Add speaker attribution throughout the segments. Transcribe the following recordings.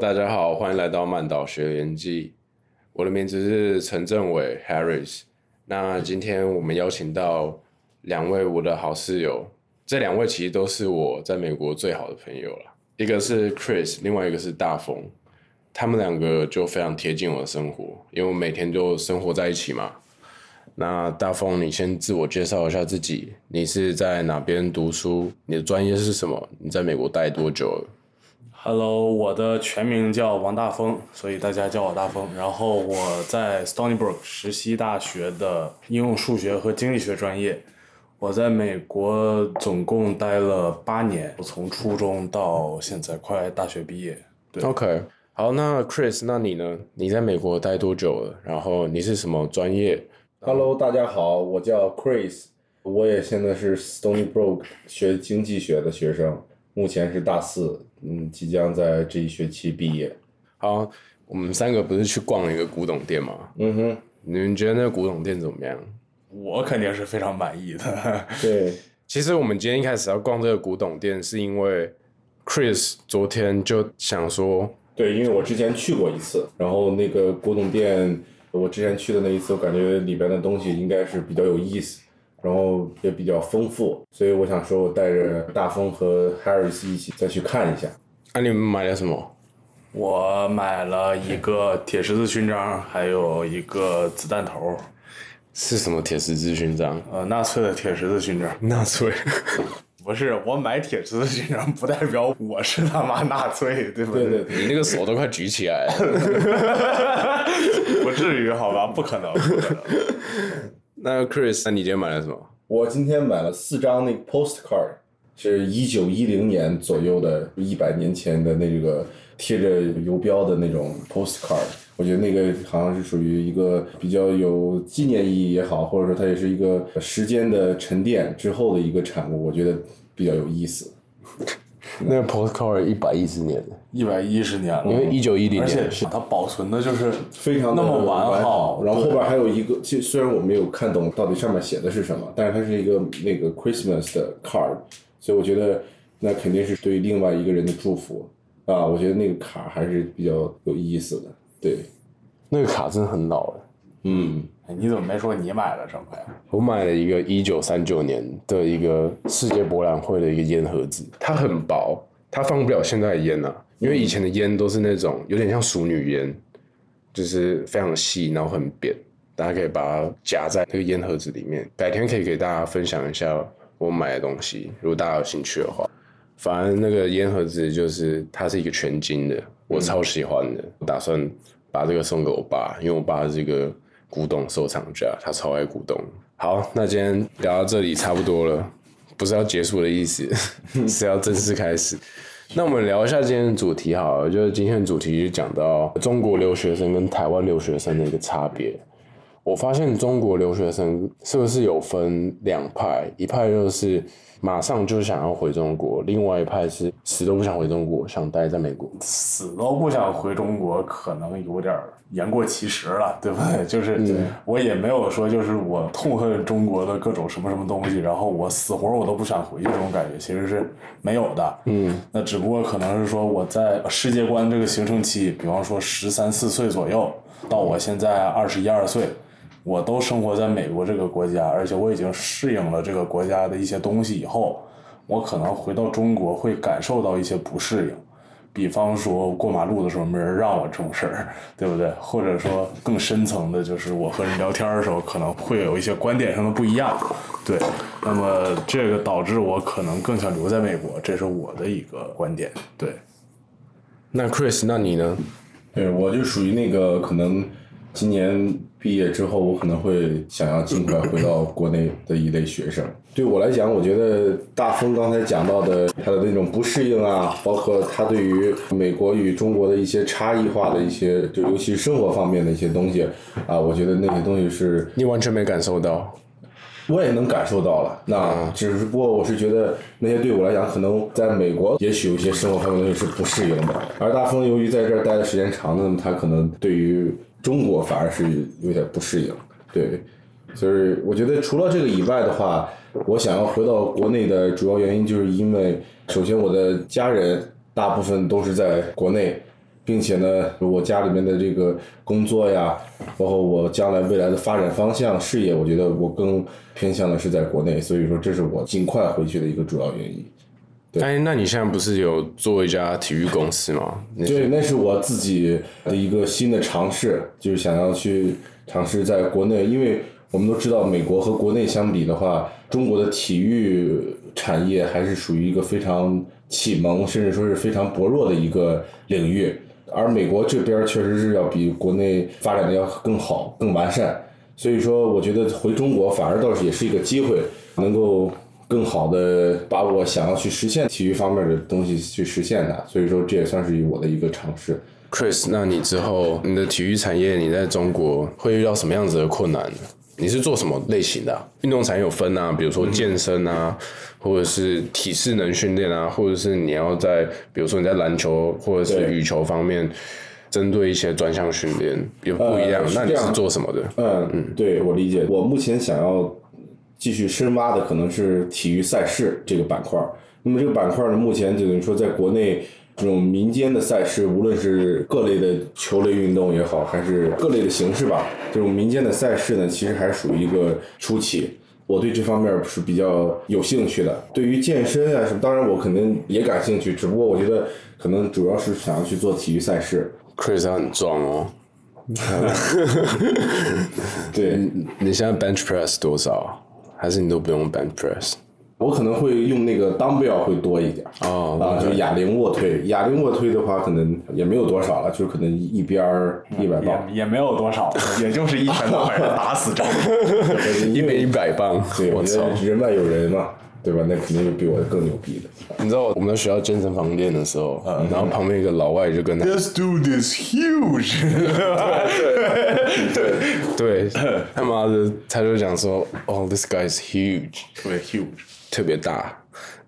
Speaker 1: 大家好，歡迎來到曼島學聯記。我的名字是陳政偉 Harris。那今天我們邀請到兩位我的好室友，這兩位其實都是我在美國最好的朋友了。一個是 Chris，另外一個是大風。他們兩個就非常貼近我的生活，因為我每天就生活在一起嘛。那大風，你先自我介紹一下自己。你是在哪邊讀書？你的專業是什麼？你在美國待多久了？
Speaker 2: Hello，我的全名叫王大峰，所以大家叫我大峰。然後我在 Stony Brook 石溪大學的應用數學和經濟學專業。我在美國總共待了八年，我從初中到現在快大學畢業。對，OK，
Speaker 1: 好，那 Chris，那你呢？你在美國待多久了？然後你是什麼專業？Hello，大家好，我叫 Chris，我也現在是 Stony Brook 學經濟學的學生，目前是大四。嗯，即將在這一學期畢業。好，我們三個不是去逛了一個古董店嗎？嗯哼，你們覺得那個古董店怎麼樣？
Speaker 2: 我肯定是非常滿意的。
Speaker 1: 對，其實我們今天一開始要逛這個古董店，是因為 Chris 昨天就想說，對，因為我之前去過一次，然後那個古董店，我之前去的那一次，我感覺裡邊的東西應該是比較有意思。然後也比較豐富，所以我想說，我帶着大風和海爾斯一起再去看一下。
Speaker 2: 啊，你們買了什麼？我買了一個鐵十字勳章，嗯，還有一個子彈頭。是什麼鐵十字勳章？呃，納粹的鐵十字勳章。納粹？不是，我買鐵十字勳章不代表我是他媽納粹，對不對？對對。你那個手都快舉起來了， 不至於好吧？不可能不可能。
Speaker 1: 那 Chris，那你今天買了什麼？我今天買了四張那 postcard，是一九一零年左右的，一百年前的那個貼着郵票的那種 postcard。我覺得那個好像是屬於一個比較有紀念意義也好，或者說它也是一個時間的沉澱之後的一個產物，我覺得比較有意思。那個 postcard 一百一十年，一百一十年了，因為一九一零年，而且
Speaker 2: 它保存的就是非常那麼完好，哦，然後後邊還有一
Speaker 1: 個，雖然我沒有看懂到底上面寫的是什麼，但是它是一個那個 Christmas 的 card，所以我覺得那肯定是對另外一個人的祝福啊，我覺得那個卡還是比較有意思的，對，那個卡真的很老了，嗯。
Speaker 2: 你怎麼沒說你買了什麼
Speaker 1: 呀？我買了一個一九三九年的一個世界博覽會的一個菸盒子，它很薄，它放不了現在的菸吶、啊，因為以前的菸都是那種有點像淑女煙，就是非常細，然後很扁，大家可以把它夾在這個菸盒子裡面。改天可以給大家分享一下我買的東西，如果大家有興趣的話。反正那個菸盒子就是它是一個全金的，我超喜歡的、嗯，我打算把這個送給我爸，因為我爸是一個。古董收藏家，他超愛古董。好，那今天聊到這裡差不多了，不是要結束的意思，是要正式開始。 那我們聊一下今天的主題，好了，就是今天的主題就講到中國留學生跟台灣留學生的一個差別。我發現中國留學生是不是有分兩派，一派就是。馬上就想要回中國，另外一派是死都不想回中國，想待在美國。死
Speaker 2: 都不想回中國，可能有點言過其實了，對不對？就是、嗯、我也沒有說，就是我痛恨中國的各種什麼什麼東西，然後我死活我都不想回去這種感覺，其實是沒有的。嗯，那只不過可能是說我在世界觀這個形成期，比方說十三四歲左右，到我現在二十一二歲。我都生活在美國這個國家，而且我已經適應了這個國家的一些東西。以後我可能回到中國會感受到一些不適應，比方說過馬路的時候沒人讓我這種事兒，對不對？或者說更深層的，就是我和人聊天的時候可能會有一些觀點上的不一樣。對，那麼這個導致我可能更想留在美國，這是我的一個觀點。對，那 Chris，
Speaker 1: 那你呢？對，我就屬於那個可能。今年畢業之後，我可能會想要盡快回到國內的一類學生。對我來講，我覺得大風剛才講到的他的那種不適應啊，包括他對於美國與中國的一些差異化的一些，就尤其生活方面的一些東西啊，我覺得那些東西是你完全沒感受到，我也能感受到了。那只是不過我是覺得那些對我來講，可能在美國也許有些生活方面的東西是不適應的，而大風由於在這兒待的時間長，那麼他可能對於。中國反而是有點不適應，對，就是我覺得除了這個以外的話，我想要回到國內的主要原因，就是因為首先我的家人大部分都是在國內，並且呢，我家裡面的這個工作呀，包括我將來未來的發展方向、事業，我覺得我更偏向的是在國內，所以說這是我盡快回去的一個主要原因。對，哎，那你現在不是有做一家體育公司嗎？對，那是我自己的一個新的嘗試，就是想要去嘗試在國內，因為我們都知道，美國和國內相比的話，中國的體育產業還是屬於一個非常啟蒙，甚至說是非常薄弱的一個領域，而美國這邊確實是要比國內發展的要更好、更完善，所以說，我覺得回中國反而倒是也是一個機會，能夠。更好的把我想要去實現體育方面的東西去實現它，所以說這也算是我的一個嘗試。Chris，那你之後你的體育產業你在中國會遇到什麼樣子的困難？你是做什麼類型的？運動產業有分啊，比如說健身啊，嗯、或者是體適能訓練啊，或者是你要在比如說你在籃球或者是羽球方面，針對一些專項訓練有不一樣、嗯。那你是做什麼的？嗯嗯，對，我理解。我目前想要。繼續深挖的可能是體育賽事這個板塊。那麼這個板塊呢，目前就等於說，在國內這種民間的賽事，無論是各類的球類運動也好，還是各類的形式吧，這種民間的賽事呢，其實還屬於一個初期。我對這方面是比較有興趣的。對於健身啊什麼，當然我肯定也感興趣，只不過我覺得可能主要是想要去做體育賽事。Chris 很壯哦。 對。 你你現在 bench press 多少？還是你都不用 bench press，我可能會用那個 dumbbell 會多一點。啊、oh, 呃，就啞鈴臥推。啞鈴臥推的話，可能也沒有多少了，就可能一邊一百磅、嗯，也沒有多少， 也就是一拳能把人打死，一 因 一百磅。我操，人外有人嘛。 對吧？那肯定是比我更牛逼的。嗯、你知道我們在學校健身房練的時候、嗯，然後旁邊一個老外就跟他 Let's
Speaker 2: do，This dude is huge 對。
Speaker 1: 對對，對， 他媽的，他就講說， 哦，This guy is huge，特別 huge，特別大。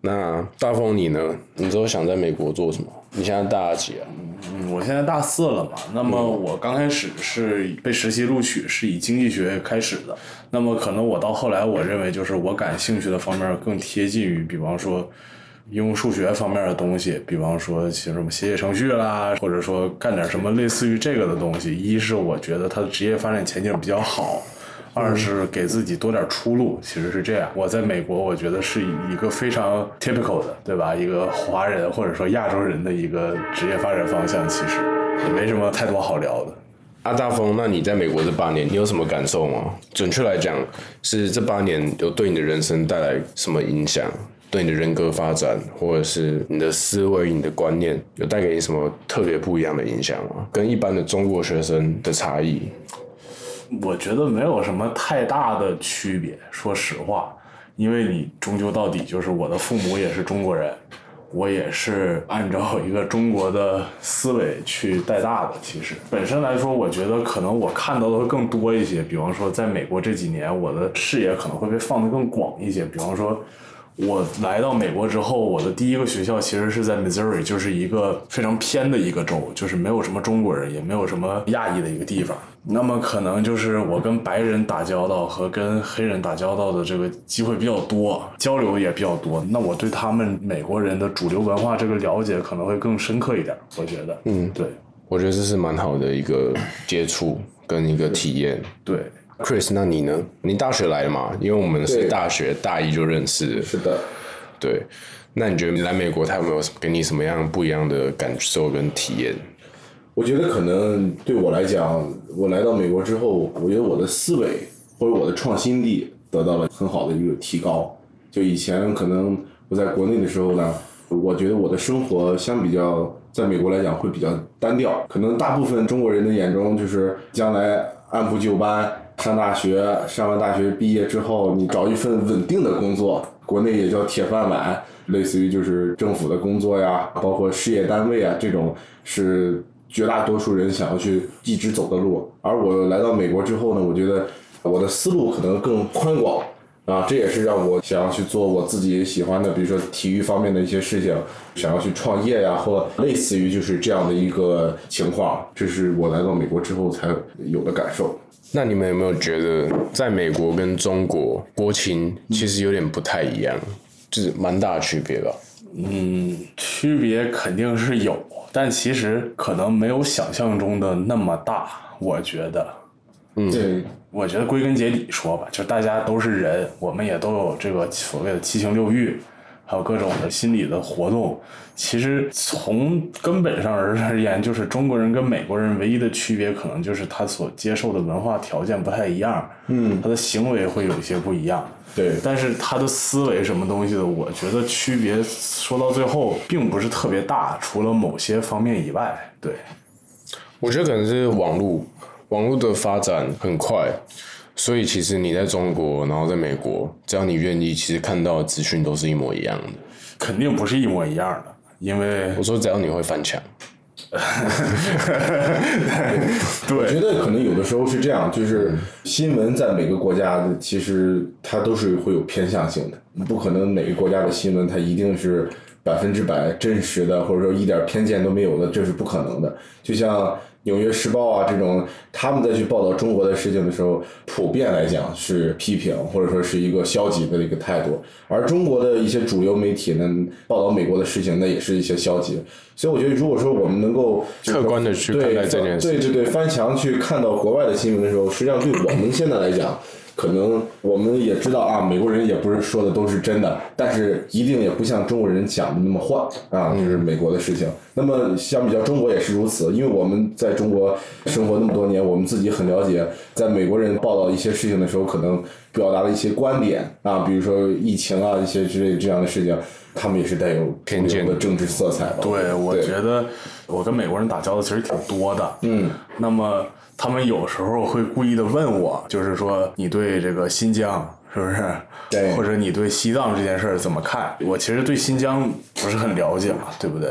Speaker 1: 那大風你呢？你知道想在美國做什麼？你現在大幾啊？嗯，我
Speaker 2: 現在大四了嘛。那麼我剛開始是被實習錄取，是以經濟學開始的。那麼可能我到後來，我認為就是我感興趣的方面更貼近於，比方說用數學方面的東西，比方說寫什麼寫寫程序啦，或者說幹點什麼類似於這個的東西。一是我覺得他的職業發展前景比較好。二、嗯、是給自己多點出路，其實是這樣。我在美國，我覺得是一個非常 typical 的，對吧？一個華人或者說亞洲人的一個職業發展方向，其實也沒什麼太多好聊的。阿、啊、大峰，那你在美國這八年，你有什麼感受嗎？
Speaker 1: 準確來講，是這八年有對你的人生帶來什麼影響？對你的人格發展，或者是你的思維、你的觀念，有帶給你什麼特別不一樣
Speaker 2: 的影響嗎？跟一般的中國學生的差異？我覺得沒有什麼太大的區別，說實話，因為你終究到底就是我的父母也是中國人，我也是按照一個中國的思維去帶大的。其實本身來說，我覺得可能我看到的會更多一些，比方說在美國這幾年，我的視野可能會被放得更廣一些，比方說。我來到美國之後，我的第一個學校其實是在 Missouri，就是一個非常偏的一個州，就是沒有什麼中國人，也沒有什麼亞裔的一個地方。那麼可能就是我跟白人打交道和跟黑人打交道的這個機會比較多，交流也比較多。那我對他們美國人的主流文化這個了解可能會更深刻一點，我覺得。嗯，對，
Speaker 1: 我覺得這是蠻好的一個接觸跟一個體驗，對。對。對。Chris，那你呢？你大學來的嘛？因為我們是大學大一就認識。是的，對。那你覺得來美國，他有沒有給你什麼樣不一樣的感受跟體驗？我覺得可能對我來講，我來到美國之後，我覺得我的思維或者我的創新力得到了很好的一個提高。就以前可能我在國內的時候呢，我覺得我的生活相比較在美國來講會比較單調。可能大部分中國人的眼中，就是將來按部就班。上大學，上完大學畢業之後，你找一份穩定的工作，國內也叫鐵飯碗，類似於就是政府的工作呀，包括事業單位啊，這種是絕大多數人想要去一直走的路。而我來到美國之後呢，我覺得我的思路可能更寬廣啊，這也是讓我想要去做我自己喜歡的，比如說體育方面的一些事情，想要去創業呀，或類似於就是這樣的一個情況，這是我來到美國之後才有的感受。那你們有沒有覺得，在美國跟中國國情其實有點不太一樣，嗯、就是蠻大
Speaker 2: 的區別的。嗯，區別肯定是有，但其實可能沒有想象中的那麼大，我覺得。嗯，對，我覺得歸根結底說吧，就是大家都是人，我們也都有這個所謂的七情六慾。還有各種的心理的活動，其實從根本上而言，就是中國人跟美國人唯一的區別，可能就是他所接受的文化條件不太一樣。嗯，他的行為會有一些不一樣。對，但是他的思維什麼東西的，我覺得區別說到最後並不是特別大，除了某些方面以外。對，
Speaker 1: 我覺得可能是網絡，網絡的發展很快。所以，其實你在中國，然後在美國，只要你願意，其實看到的資訊都是一模一樣的。
Speaker 2: 肯定不是一模一樣的，因為我說，只要你會翻牆。
Speaker 1: 對，我覺得可能有的時候是這樣，就是新聞在每個國家，其實它都是會有偏向性的。不可能每個國家的新聞它一定是百分之百真實的，或者說一點偏見都沒有的，這是不可能的。就像，紐約時報啊，這種他們在去報道中國的事情的時候，普遍來講是批評，或者說是一個消極的一個態度。而中國的一些主流媒體呢，報道美國的事情呢，那也是一些消極。所以我覺得，如果說我們能夠客觀的去對待這件事，對對對，翻牆去看到國外的新聞的時候，實際上對我們現在來講。咳咳可能我們也知道啊，美國人也不是說的都是真的，但是一定也不像中國人講的那麼壞啊，就是美國的事情，嗯。那麼相比較中國也是如此，因為我們在中國生活那麼多年，我們自己很了解，在美國人報道一些事情的時候，可能表達了一些觀點啊，比如說疫情啊一些之類這樣的事情，
Speaker 2: 他們也是帶有偏見的政治色彩對。對，我覺得我跟美國人打交道其實挺多的。嗯，那麼。他們有時候會故意的問我，就是說你對這個新疆。是不是？對。或者你對西藏這件事怎麼看？我其實對新疆不是很了解嘛，對不對？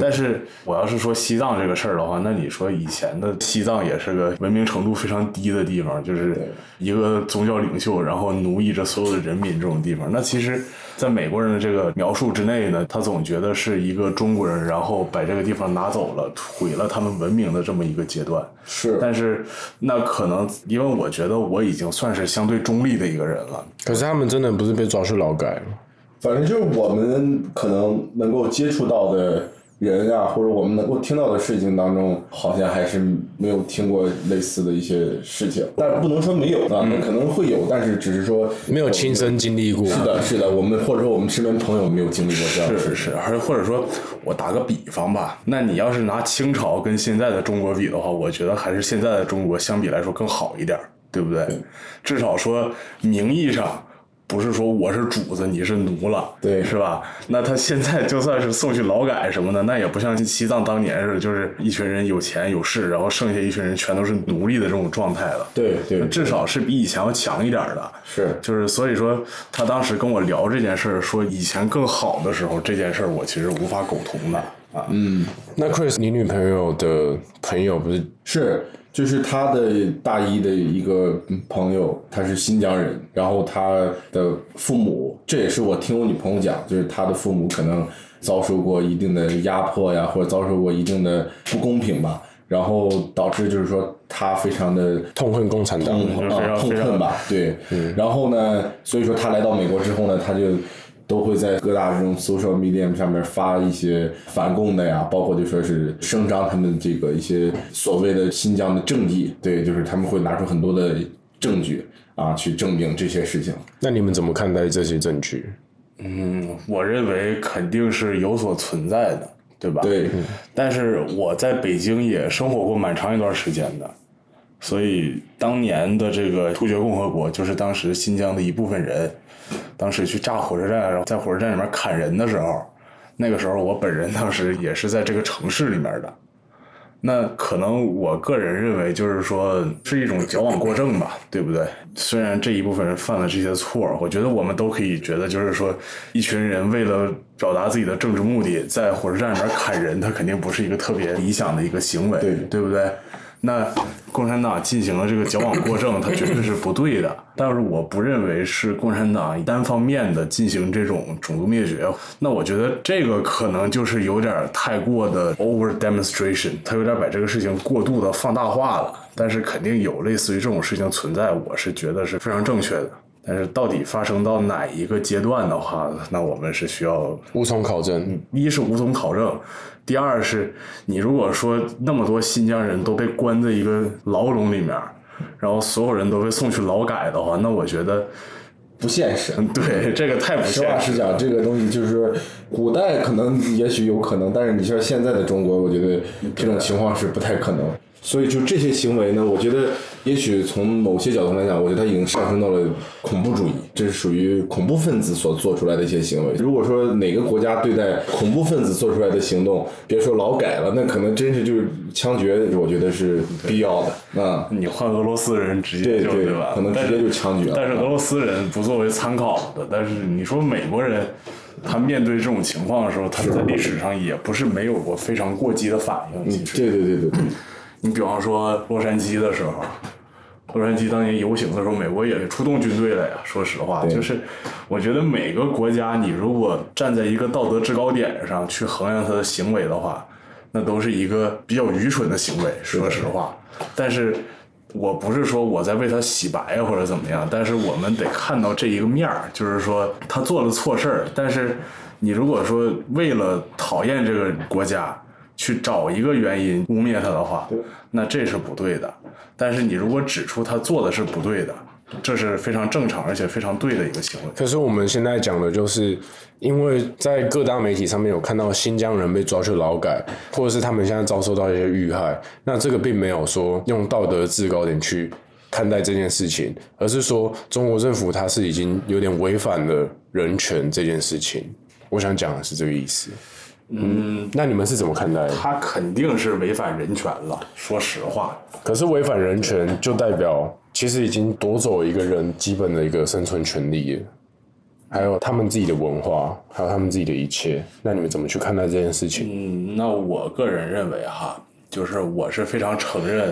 Speaker 2: 但是我要是說西藏這個事兒的話，那你說以前的西藏也是個文明程度非常低的地方，就是一個宗教領袖，然後奴役着所有的人民這種地方。那其實，在美國人的這個描述之內呢，他總覺得是一個中國人，然後把這個地方拿走了，毀了他們文明的這麼一個階段。是。但是那可能因為我覺得我已經算是相對中立的一個人了。可是他們真的不是被抓去勞改
Speaker 1: 嗎？反正就是我們可能能夠接觸到的人啊，或者我們能夠聽到的事情當中，好像還是沒有聽過類似的一些事情。但不能說沒有，吧、啊嗯，可
Speaker 2: 能會有，但是只是說沒有親身經歷過、嗯。是的，是的，我們或者說我們身邊朋友沒有經歷過這樣的事情。是是，是，還是或者說我打個比方吧，那你要是拿清朝跟現在的中國比的話，我覺得還是現在的中國相比來說更好一點。對不對？至少說名義上不是說我是主子，你是奴了，對，是吧？那他現在就算是送去勞改什麼的，那也不像西藏當年似的，就是一群人有錢有勢，然後剩下一群人全都是奴隸的這種狀態了。對對，對，至少是比以前要強一點的。是，就是所以說他當時跟我聊這件事兒，說以前更好的時候這件事兒，我其實無法苟同的
Speaker 1: 啊。嗯，那 Chris，你女朋友的朋友不是是就是他的大一的一個朋友，他是新疆人，然後他的父母，這也是我聽我女朋友講，就是他的父母可能遭受過一定的壓迫呀，或者遭受過一定的不公平吧，然後導致就是說他非常的痛恨共產黨，痛恨，嗯，啊，痛恨吧，對，嗯，然後呢，所以說他來到美國之後呢，他就。都會在各大這種 social media 上面發一些反共的呀，包括就說是聲張他們這個一些所謂的新疆的正義，對，就是他們會拿出很多的證據啊去證明這些事情。那你們怎麼看待這些證據？
Speaker 2: 嗯，我認為肯定是有所存在的，對吧？對。但是我在北京也生活過蠻長一段時間的，所以當年的這個突厥共和國就是當時新疆的一部分人，當時去炸火車站，然後在火車站裡面砍人的時候，那個時候我本人當時也是在這個城市裡面的。那可能我個人認為，就是說是一種矯枉過正吧，對不對？雖然這一部分人犯了這些錯，我覺得我們都可以覺得，就是說一群人為了表達自己的政治目的，在火車站裡面砍人，他肯定不是一個特別理想的一個行為，對，對不對？那共產黨進行了這個矯枉過正，它絕對是不對的。但是我不認為是共產黨單方面的進行這種種族滅絕。那我覺得這個可能就是有點太過的 over demonstration，他有點把這個事情過度的放大化了。但是肯定有類似於這種事情存在，我是覺得是非常正確的。但是到底發生到哪一個階段的話，那我們是需要無從考證。一是無從考證，第二是，你如果說那麼多新疆人都被關在一個牢籠裡面，然後所有人都被送去勞改的話，那我覺得不現實。對，這個太不現實了。實話實講，這個
Speaker 1: 東西就是古代可能也許有可能，但是你像現在的中國，我覺得這種情況是不太可能。所以就這些行為呢，我覺得也許從某些角度來講，我覺得它已經上升到了恐怖主義，這是屬於恐怖分子所做出來的一些行為。如果說哪個國家對待恐怖分子做出來的行動，別說勞改了，那可能真是就是槍
Speaker 2: 決，我覺得是必要的。啊、嗯，你換俄羅斯人直接就對對，可能直接就槍決了。但是俄羅斯人不作為參考的，但是你說美國人，他面對這種情況的時候，他在歷史上也不是沒有過非常過激的反應。對、嗯、對對對對。嗯你比方說洛杉磯的時候，洛杉磯當年遊行的時候，美國也是出動軍隊了呀。說實話，就是我覺得每個國家，你如果站在一個道德制高點上去衡量他的行為的話，那都是一個比較愚蠢的行為。說實話，但是我不是說我在為他洗白或者怎麼樣，但是我們得看到這一個面兒，就是說他做了錯事兒，但是你如果說為了討厭這個國家。去找一個原因污蔑他的話，那這是不對的。但是你如果指出他做的是不對的，這是非常正常而且非常對的一個行為。可是我們現在講的就是，因為
Speaker 1: 在各大媒體上面有看到新疆人被抓去勞改，或者是他們現在遭受到一些遇害，那這個並沒有說用道德制高點去看待這件事情，而是說中國政府它是已經有點違反了人權這件事情。我想講的是這個意思。嗯，那你們是怎麼看待的？
Speaker 2: 他肯定是違反人權了。說實話，
Speaker 1: 可是違反人權就代表其實已經奪走一個人基本的一個生存權利，還有他們自己的文化，還有他們自己的一切。那你們怎麼去看待這件事
Speaker 2: 情？嗯，那我個人認為哈，就是我是非常承認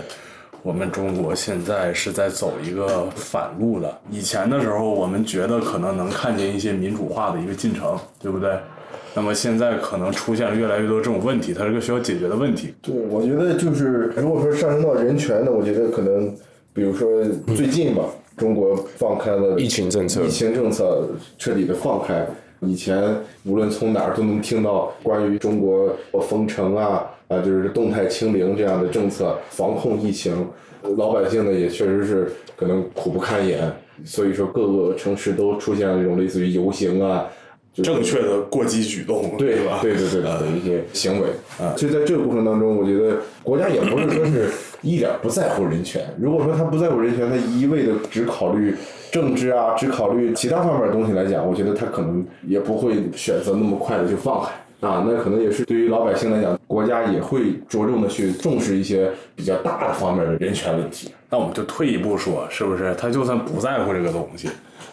Speaker 2: 我們中國現在是在走一個反路了。以前的時候，我們覺得可能能看見一些民主化的一個進程，對不對？那麼現在可能出現了越來越多這種問題，它是個需要解決的問題。對，我覺得就
Speaker 1: 是如果說上升到人權的，我覺得可能，比如說最近吧，嗯、中國放開了疫情政策，疫情政策徹底的放開。以前無論從哪兒都能聽到關於中國封城啊啊，就是動態清零這樣的政策防控疫情，老百姓呢也確實是可能苦不堪言。所以說各個城市都出現了這種類似於遊行啊。正確的過激舉動，對吧？對對對的，一些行為啊。所以在這個過程當中，我覺得國家也不是說是一點不在乎人權。如果說他不在乎人權，他一味的只考慮政治啊，只考慮其他方面的東西來講，我覺得他可能也不會選擇那麼快的就放開啊。那可能也是對於老百姓來講，國家也會着重的去重視一
Speaker 2: 些比較大的方面的人權問題。那我們就退一步說，是不是他就算不在乎這個東西？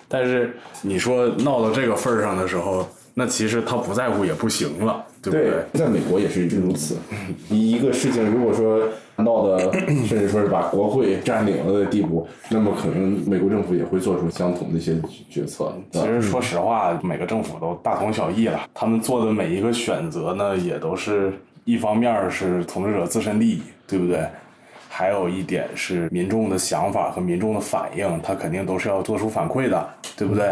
Speaker 2: 但是你說鬧到這個份兒上的時候，那其實他不在乎也不行了，對不對？對，在美國也是一直如此。一一個事情如果說
Speaker 1: 鬧的，甚至說是把國會佔領了的地步，那麼可能美國政府也會做出相同的一些決策。其實
Speaker 2: 說實話，每個政府都大同小異了，他們做的每一個選擇呢，也都是一方面是統治者自身利益，對不對？還有一點是民眾的想法和民眾的反應，他肯定都是要做出反饋的，對不對？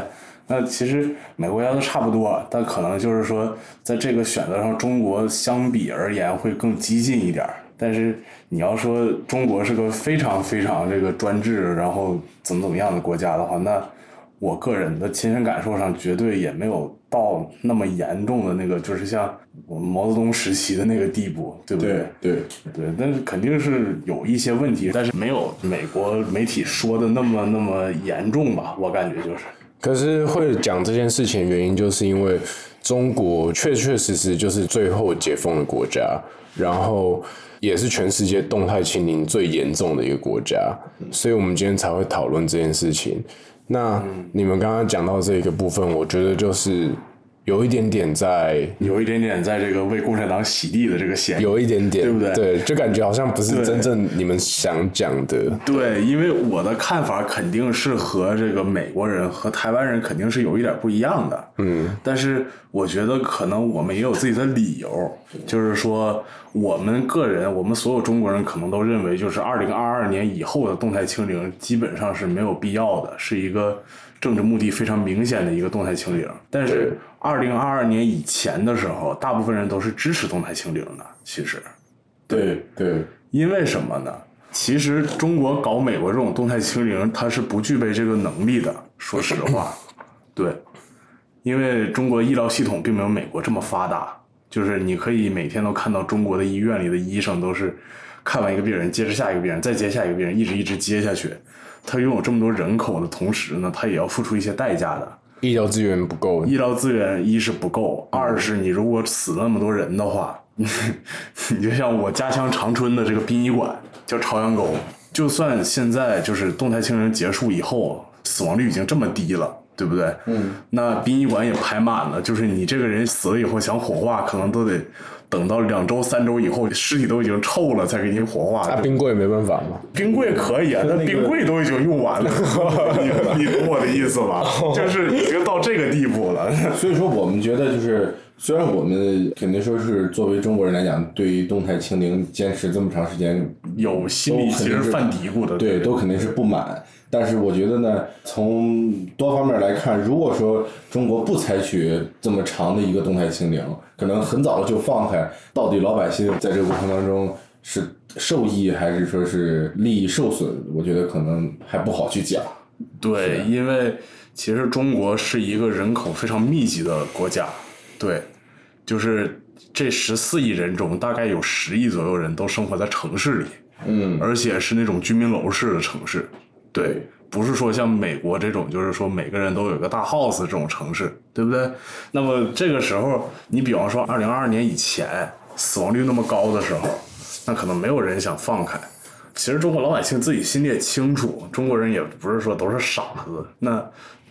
Speaker 2: 那其實每個國家都差不多，但可能就是說，在這個選擇上，中國相比而言會更激進一點。但是你要說中國是個非常非常這個專制，然後怎麼怎麼樣的國家的話，那我個人的親身感受上絕對也沒有，到那麼嚴重的那個，就是像我們毛澤東時期的那個地步，對不對？對對，對，但是肯定是有一些問題，但是沒有美國媒體說的那麼那麼嚴重吧？我感覺就是。
Speaker 1: 可是會講這件事情原因，就是因為中國確確實實就是最後解封的國家，然後也是全世界動態清零最嚴重的一個國家，所以我們今天才會討論這件事情。那，嗯，你們剛剛講到這一個部分，我覺得就是，有一點點在，
Speaker 2: 有一點點在這個為共產黨洗地的這個嫌疑，有一點點，對不對？對，就感覺好像不是真正你們想講的對。對，因為我的看法肯定是和這個美國人和台灣人肯定是有一點不一樣的。嗯，但是我覺得可能我們也有自己的理由，就是說我們個人，我們所有中國人可能都認為，就是二零二二年以後的動態清零基本上是沒有必要的，是一個。政治目的非常明顯的一個動態清零，但是二零二二年以前的時候，大部分人都是支持動態清零的。其實，對對，對，因為什麼呢？其實中國搞美國這種動態清零，它是不具備這個能力的。說實話，對，因為中國醫療系統並沒有美國這麼發達。就是你可以每天都看到中國的醫院裡的醫生都是看完一個病人，接着下一個病人，再接下一個病人，一直一直接下去。他擁有這麼多人口的同時呢，他也要付出一些代價的。醫療資源不夠，醫療資源一是不夠，嗯。二是你如果死那麼多人的話， 你就像我家鄉長春的這個殯儀館叫朝陽溝，就算現在就是動態清零結束以後，死亡率已經這麼低了，對不對？嗯，那殯儀館也排滿了，就是你這個人死了以後想火化，可能都得。等到兩周、三周以後，屍體都已經臭了，再給您火化、啊。冰櫃也沒辦法嘛，冰櫃可以啊，那、嗯、冰櫃都已經用完了，那個、你， 你，你懂我的意思吧？哦、就是已經到這個地步了。所以說，我們覺得就是。
Speaker 1: 雖然我們肯定說是作為中國人來講，對於動態清零堅持這麼長時間，肯定是有心裡其實犯嘀咕的，對，對，都肯定是不滿。但是我覺得呢，從多方面來看，如果說中國不採取這麼長的一個動態清零，可能很早就放開，到底老百姓在這個過程當中是受
Speaker 2: 益還是說是利益受損，我覺得可能還不好去講。對，因為其實中國是一個人口非常密集的國家。對，就是這十四億人中，大概有十億左右人都生活在城市裡，嗯，而且是那種居民樓式的城市，對，不是說像美國這種，就是說每個人都有一個大 house 這種城市，對不對？那麼這個時候，你比方說二零二二年以前死亡率那麼高的時候，那可能沒有人想放開。其實中國老百姓自己心裡也清楚，中國人也不是說都是傻子，那。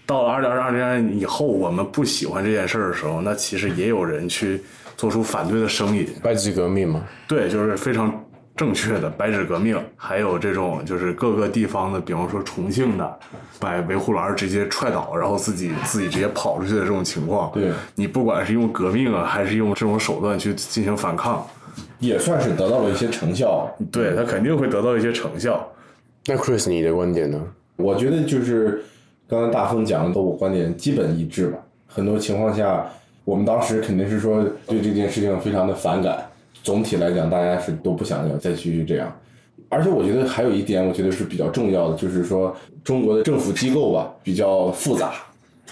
Speaker 2: 到了二零二二年以後，我們不喜歡這件事兒的時候，那其實也有人去做出反對的聲音，白紙革命嘛，對，就是非常正確的白紙革命，還有這種就是各個地方的，比方說重慶的，把維護欄直接踹倒，然後自己自己直接跑出去的這種情況，對，你不管是用革命啊，還是用這種手段去進行反抗，也算是得到了一些成效，對，他肯定會得到一些成效。那 Chris，你的觀點呢？我覺得就是。
Speaker 1: 剛才大風講的和，我觀點基本一致吧。很多情況下，我們當時肯定是說對這件事情非常的反感。總體來講，大家是都不想要再繼續這樣。而且我覺得還有一點，我覺得是比較重要的，就是說中國的政府機構吧比較複雜，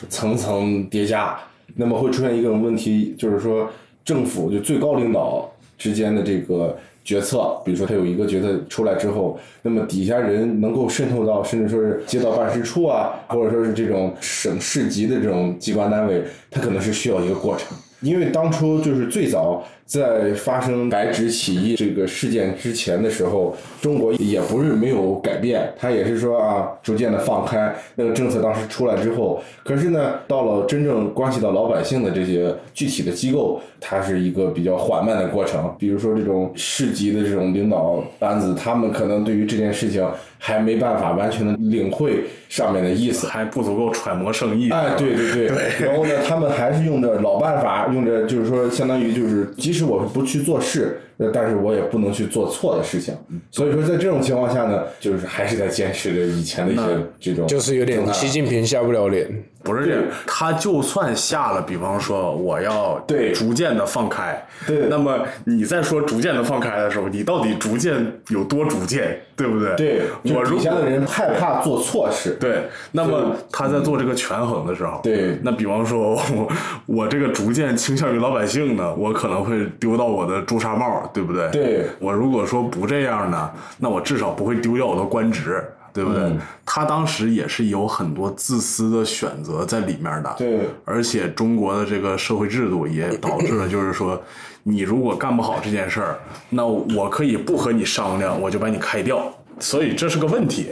Speaker 1: 層層疊加，那麼會出現一個問題，就是說政府就最高領導之間的這個。決策，比如說他有一個決策出來之後，那麼底下人能夠滲透到，甚至說是街道辦事處啊，或者說是這種省市級的這種機關單位，他可能是需要一個過程，因為當初就是最早。在發生白紙起義這個事件之前的時候，中國也不是沒有改變，他也是說啊，逐漸的放開那個政策。當時出來之後，可是呢，到了真正關係到老百姓的這些具體的機構，它是一個比較緩慢的過程。比如說這種市級的這種領導班子，他們可能對於這件事情還沒辦法完全的領會上面的意思，還不足夠揣摩聖意。哎，對對對，對，然後呢，他們還是用着老辦法，用着就是說，相當於就是。即使我是不去做事，但是我也不能去做錯的事情。所以說，在這種情況下呢，就是還是在堅持着以前的一些這種，就是有點習
Speaker 2: 近平下不了臉。不是這樣，他就算下了，比方說我要對逐漸的放開，對，對，那麼你在說逐漸的放開的時候，你到底逐漸有多逐漸，對不對？對，我以前的人害怕做錯事，對，那麼他在做這個權衡的時候，對，那比方說我我這個逐漸傾向於老百姓呢，我可能會丟到我的朱砂帽，對不對？對，我如果說不這樣呢，那我至少不會丟掉我的官職。對不對？他當時也是有很多自私的選擇在裡面的。對，對，對，而且中國的這個社會制度也導致了，就是說，你如果幹不好這件事兒，那我可以不和你商量，我就把你開掉。所以這是個問題。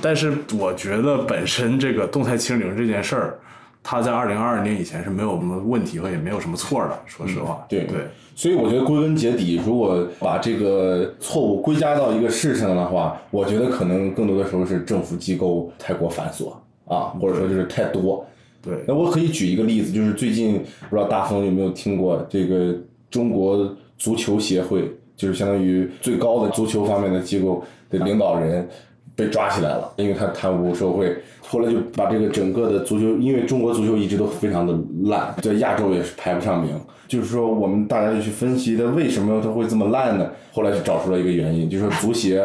Speaker 2: 但是我覺得本身這個動態清零這件事兒。他在二零二二年以前是沒有什麼問題和也沒有什麼錯的，說實話。嗯、
Speaker 1: 對對，所以我覺得歸根結底，如果把這個錯誤歸家到一個事上的話，我覺得可能更多的時候是政府機構太過繁瑣啊，或者說就是太多。對。對，那我可以舉一個例子，就是最近不知道大風有沒有聽過這個中國足球協會，就是相當於最高的足球方面的機構的領導人。嗯嗯被抓起來了，因為他貪污受賄，後來就把這個整個的足球，因為中國足球一直都非常的爛，在亞洲也是排不上名。就是說，我們大家就去分析他為什麼他會這麼爛呢？後來就找出了一個原因，就是說，足協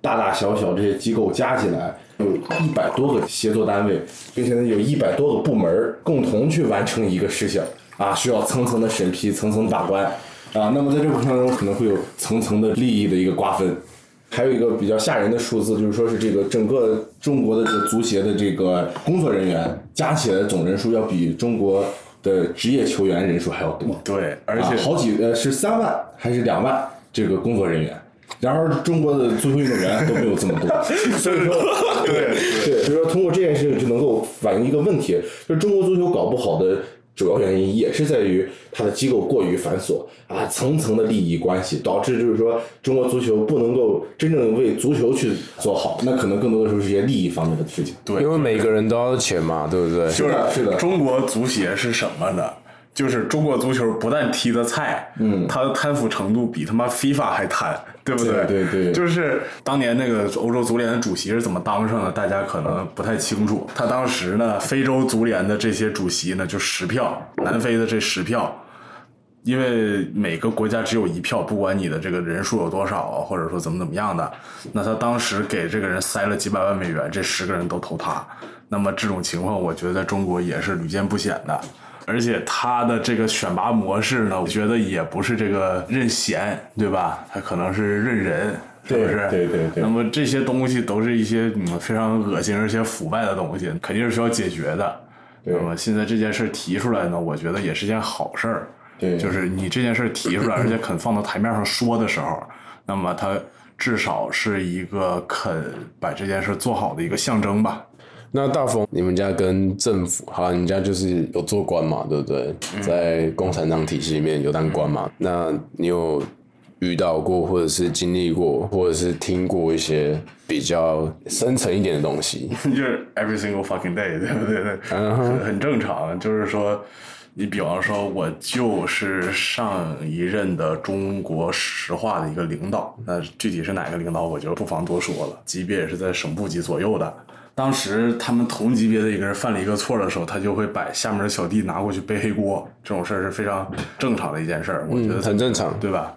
Speaker 1: 大大小小這些機構加起來有一百多個協作單位，並且呢有一百多個部門共同去完成一個事項啊，需要層層的審批，層層把關啊。那麼在這個過程當中，可能會有層層的利益的一個瓜分。還有一個比較嚇人的數字，就是說是這個整個中國的這個足協的這個工作人員加起來總人數，要比中國的職業球員人數還要多。對，啊、而且好幾呃是三萬還是兩萬這個工作人員，然而中國的足球運動員都沒有這麼多。 所以說，對對，對，所以說通過這件事情就能夠反映一個問題，就是、中國足球搞不好的。主要原因也是在於它的機構過於繁瑣啊，層層的利益關係導致，就是說中國足球不能
Speaker 2: 夠真正為足球去做好，那可能更多的時候是些利益方面的事情。對，
Speaker 1: 因為每個人
Speaker 2: 都要錢嘛，對不對？對，是的、就是，是的，中國足協是什麼呢？就是中國足球不但踢的菜，嗯，他的貪腐程度比他媽 FIFA 還貪，對不對？對，對對。就是當年那個歐洲足聯的主席是怎麼當上的？大家可能不太清楚。他當時呢，非洲足聯的這些主席呢，就十票，南非的這十票，因為每個國家只有一票，不管你的這個人數有多少，或者說怎麼怎麼樣的，那他當時給這個人塞了幾百萬美元，這十個人都投他。那麼這種情況，我覺得在中國也是屢見不鮮的。而且他的這個選拔模式呢，我覺得也不是這個任賢，對吧？他可能是任人，是不是？對對對，對。那麼這些東西都是一些嗯非常噁心而且腐敗的東西，肯定是需要解決的，對。那麼現在這件事提出來呢，我覺得也是件好事兒，對，就是你這件事提出來，而且肯放到台面上說的時候，那麼他至少是一個肯把這件事做好的一個象徵吧。那大
Speaker 1: 風，你們家跟政府，好像人家就是有做官嘛，對不對？嗯、在共產黨體系裡面有當官嘛？那你有遇到過，或者是經歷過，或
Speaker 2: 者是聽過一些比較深層一點的東西？ 就是 every single fucking day，對對對，很、uh -huh、很正常。就是說，你比方說我就是上一任的中國石化的一個領導，那具體是哪個領導，我就不妨多說了。級別也是在省部級左右的。當時他們同級別的一個人犯了一個錯的時候，他就會把下面的小弟拿過去背黑鍋，這種事兒是非常正常的一件事，嗯、我覺得很正常，對吧？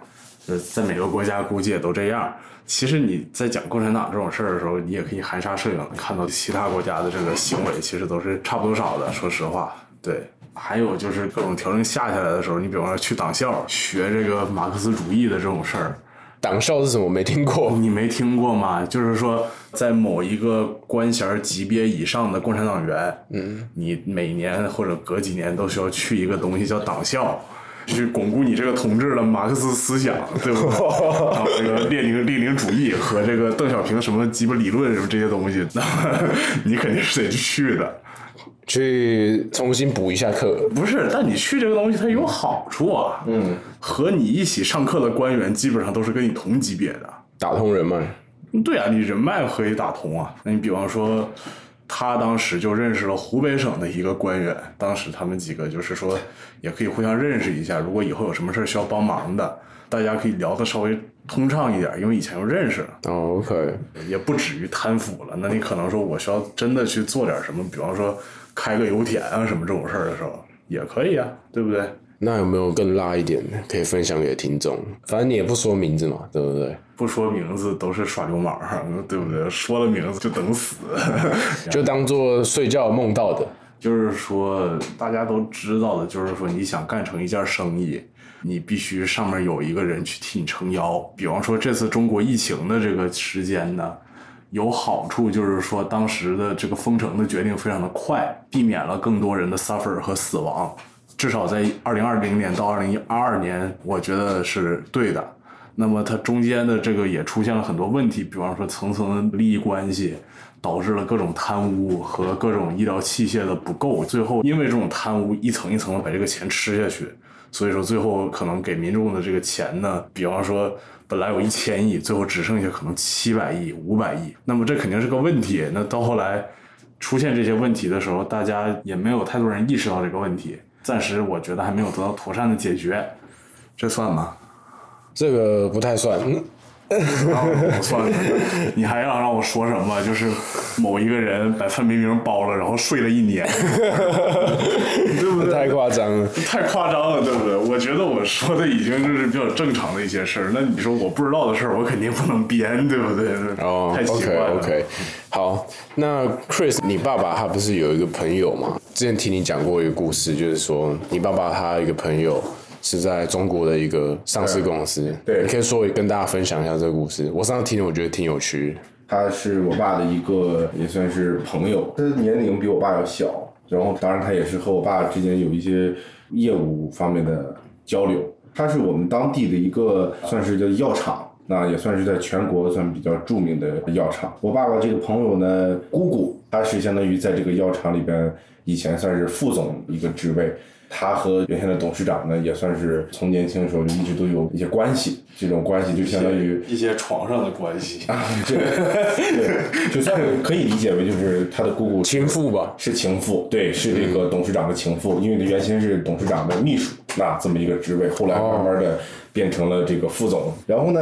Speaker 2: 呃，在每個國家估計也都這樣。其實你在講共產黨這種事兒的時候，你也可以含沙射影看到其他國家的這個行為，其實都是差不多少的。說實話，對。還有就是各種條件下下來的時候，你比方說去黨校學這個馬克思主義的這種事兒，黨校是怎麼沒聽過？你沒聽過嗎？就是說。在某一個官銜級別以上的共產黨員，嗯，你每年或者隔幾年都需要去一個東西叫黨校，去鞏固你這個同志的馬克思思想，對不對？ 然後這個列寧列寧主義和這個鄧小平什麼雞巴理論什麼這些東西，那麼你肯定是得去的，去重新補一下課。不是，但你去這個東西它有好處啊，嗯，和你一起上課的官員基本上都是跟你同級別的，打通人脈。對啊，你人脈可以打通啊。那你比方說，他當時就認識了湖北省的一個官員，當時他們幾個就是說，也可以互相認識一下。如果以後有什麼事需要幫忙的，大家可以聊得稍微通暢一點，因為以前就認識了。哦，OK。也不止於貪腐了，那你可能說，我需要真的去做點什麼，比方說開個油田啊什麼這種事兒的時候，也可以啊，對不對？
Speaker 1: 那有沒有更辣一點的可以分享給聽眾？反正你也不說名字嘛，對不對？
Speaker 2: 不說名字都是耍流氓，對不對？說了名字就等死， 就當做睡覺夢到的。就是說大家都知道的，就是說你想幹成一件生意，你必須上面有一個人去替你撐腰。比方說這次中國疫情的這個時間呢，有好處就是說當時的這個封城的決定非常的快，避免了更多人的 suffer 和死亡。至少在二零二零年到二零二二年，我覺得是對的。那麼它中間的這個也出現了很多問題，比方說層層的利益關係導致了各種貪污和各種醫療器械的不夠，最後因為這種貪污一層一層的把這個錢吃下去，所以說最後可能給民眾的這個錢呢，比方說本來有一千億，最後只剩下可能七百億、五百億，那麼這肯定是個問題。那到後來出現這些問題的時候，大家也沒有太多人意識到這個問題。暫時我覺得還沒有得到妥善的解決，這算嗎？這個
Speaker 1: 不太算，嗯。然 後我算了，
Speaker 2: 你還要讓我說什麼？就是某一個人把范冰冰包了，然後睡了一年 對不對？太誇張了，太誇張了，對不對？我覺得我說的已經就是比較正常的一些事兒。那你說我不知道的事兒，我肯定不能編，對不對？哦、oh, 太奇怪了。Okay, OK，好。那 Chris，你爸爸他不
Speaker 1: 是有一個朋友嘛？之前聽你講過一個故事，就是說你爸爸他一個朋友。是在中國的一個上市公司，對，對，你可以說跟大家分享一下這個故事。我上次聽，我覺得挺有趣。他是我爸的一個，也算是朋友。他的年齡比我爸要小，然後當然他也是和我爸之間有一些業務方面的交流。他是我們當地的一個，算是個藥廠，那也算是在全國算比較著名的藥廠。我爸爸這個朋友呢，姑姑，他是相當於在這個藥廠裡邊以前算是副總一個職位。他和原先的董事長呢，也算是從年輕的時候一直都有一些關係，這種關係就相當於一
Speaker 2: 些，一些床上的關係啊，對，對，
Speaker 1: 就算是可以理解為就是他的姑姑情婦吧，是情婦，對，是這個董事長的情婦、嗯，因為原先是董事長的秘書啊，那這麼一個職位，後來慢慢的變成了這個副總，然後呢，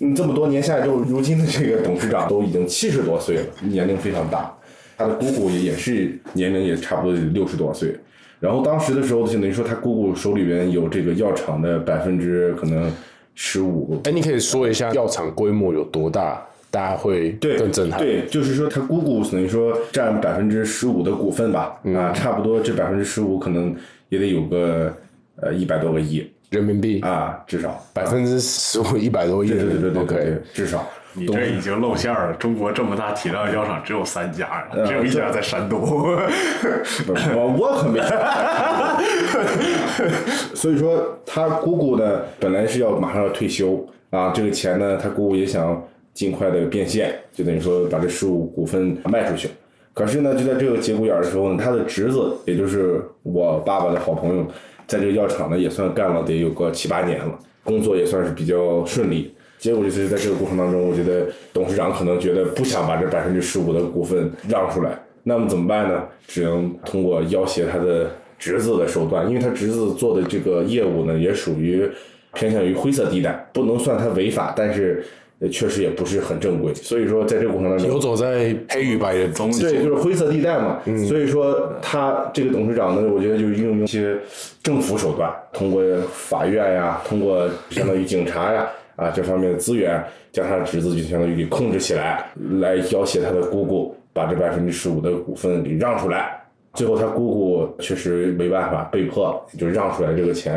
Speaker 1: 嗯，這麼多年下來，就如今的這個董事長都已經七十多歲了，年齡非常大，他的姑姑也也是年齡也差不多六十多歲。然後當時的時候，就等於說他姑姑手裡邊有這個藥廠的百分之可能十五。哎，你可以說一下藥廠規模有多大，大家會更震撼。對，就是說他姑姑等於說占百分之十五的股份吧，嗯，啊，差不多這百分之十五可能也得有個，嗯，呃一百多個億人民幣啊，至少百分之十五，一百多億，對對對對，對，對，對，Okay. 至少。
Speaker 2: 你這已經露餡了。中國這麼大體量的藥廠只有三家，只、嗯、有一家在山東。 我我可沒。 所以說，
Speaker 1: 他姑姑呢，本來是要馬上要退休啊，這個錢呢，他姑姑也想盡快的變現，就等於說把這十五股份賣出去。可是呢，就在這個節骨眼兒的時候呢，他的侄子，也就是我爸爸的好朋友，在這個藥廠呢，也算幹了得有個七八年了，工作也算是比較順利。結果就是在這個過程當中，我覺得董事長可能覺得不想把這百分之十五的股份讓出來，那麼怎麼辦呢？只能通過要挾他的侄子的手段，因為他侄子做的這個業務呢，也屬於偏向於灰色地帶，不能算他違法，但是確實也不是很正規。所以說，在這個過程當中，遊走在黑與白的中間，對，就是灰色地帶嘛。所以說，他這個董事長呢，我覺得就運用一些政府手段，通過法院呀，通過相當於警察呀。啊，這方面的資源，將他的侄子就相當於給控制起來，來要挾他的姑姑，把這百分之十五的股份給讓出來。最後他姑姑確實沒辦法，被迫就讓出來這個錢。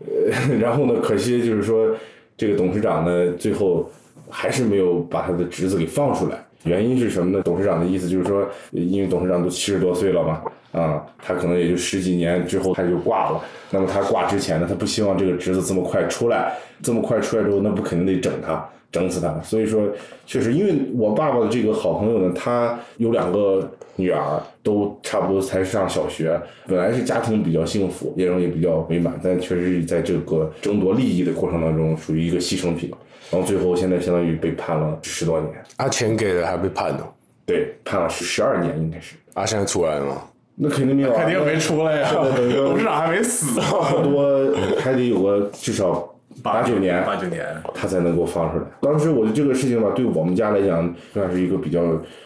Speaker 1: 呃，嗯，然後呢，可惜就是說，這個董事長呢，最後還是沒有把他的侄子給放出來。原因是什麼呢？董事長的意思就是說，因為董事長都七十多歲了嘛，啊、嗯，他可能也就十幾年之後他就掛了。那麼他掛之前呢，他不希望這個侄子這麼快出來，這麼快出來之後，那不肯定得整他。整死他，所以說確實，因為我爸爸的這個好朋友呢，他有兩個女兒，都差不多才上小學，本來是家庭比較幸福，內容也比較美滿，但確實在這個爭奪利益的過程當中，屬於一個犧牲品。然後最後現在相當於被判了十多年。阿錢給的還被判了？對，判了十十二年應該是。阿山出來了嗎？那肯定沒有，肯定沒出
Speaker 2: 來呀。董事長還沒死啊，多
Speaker 1: 還得有個至少。
Speaker 2: 八九年，八九年，
Speaker 1: 他才能給我放出來。當時，我覺得這個事情吧，對我們家來講，算是一個比較